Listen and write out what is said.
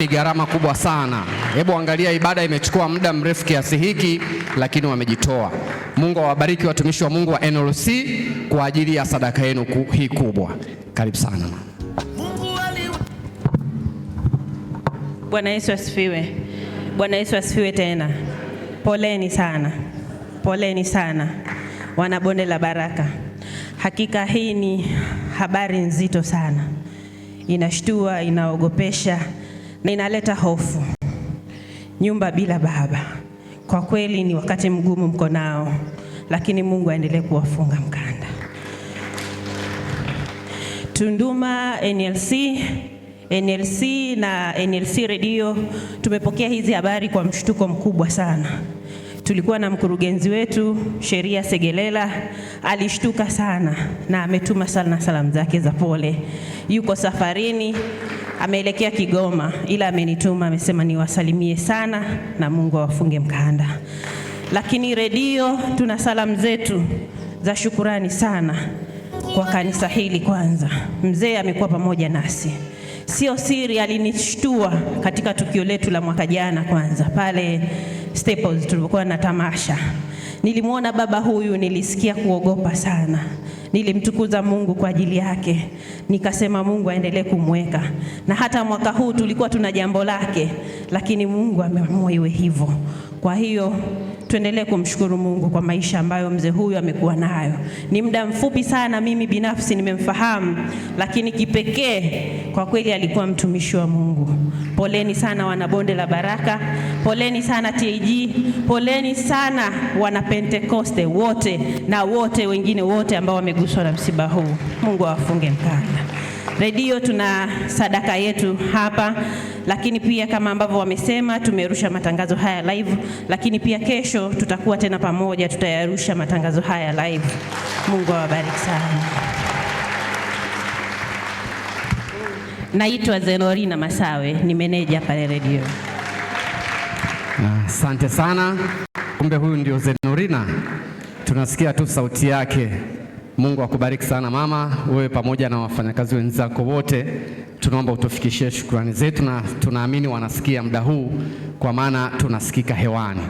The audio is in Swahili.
Ni gharama kubwa sana. Hebu angalia, ibada imechukua muda mrefu kiasi hiki, lakini wamejitoa. Mungu awabariki watumishi wa Mungu wa NLC kwa ajili ya sadaka yenu hii kubwa. Karibu sana. Bwana Yesu asifiwe. Bwana Yesu asifiwe tena. Poleni sana, poleni sana wana bonde la Baraka. Hakika hii ni habari nzito sana, inashtua, inaogopesha na inaleta hofu. Nyumba bila baba, kwa kweli ni wakati mgumu mko nao, lakini Mungu aendelee kuwafunga mkanda. Tunduma NLC NLC na NLC Radio tumepokea hizi habari kwa mshtuko mkubwa sana. Tulikuwa na mkurugenzi wetu Sheria Segelela alishtuka sana na ametuma sana salamu zake za pole. Yuko safarini ameelekea Kigoma, ila amenituma amesema niwasalimie sana na Mungu awafunge mkanda. Lakini redio, tuna salamu zetu za shukurani sana kwa kanisa hili. Kwanza mzee amekuwa pamoja nasi, sio siri, alinishtua katika tukio letu la mwaka jana, kwanza pale Staples tulipokuwa na tamasha Nilimwona baba huyu, nilisikia kuogopa sana. Nilimtukuza Mungu kwa ajili yake, nikasema Mungu aendelee kumweka. Na hata mwaka huu tulikuwa tuna jambo lake, lakini Mungu ameamua iwe hivyo. Kwa hiyo tuendelee kumshukuru Mungu kwa maisha ambayo mzee huyu amekuwa nayo. Ni muda mfupi sana, mimi binafsi nimemfahamu, lakini kipekee kwa kweli alikuwa mtumishi wa Mungu. Poleni sana wana bonde la Baraka, poleni sana TAG, poleni sana wana Pentekoste wote na wote wengine wote ambao wameguswa na msiba huu. Mungu awafunge mkanda redio tuna sadaka yetu hapa, lakini pia kama ambavyo wamesema tumerusha matangazo haya live, lakini pia kesho tutakuwa tena pamoja, tutayarusha matangazo haya live. Mungu awabariki sana. Naitwa Zenorina Masawe, ni meneja pale redio. Asante sana. Kumbe huyu ndio Zenorina, tunasikia tu sauti yake. Mungu akubariki sana mama, wewe pamoja na wafanyakazi wenzako wote. Tunaomba utufikishie shukrani zetu, na tunaamini wanasikia muda huu, kwa maana tunasikika hewani.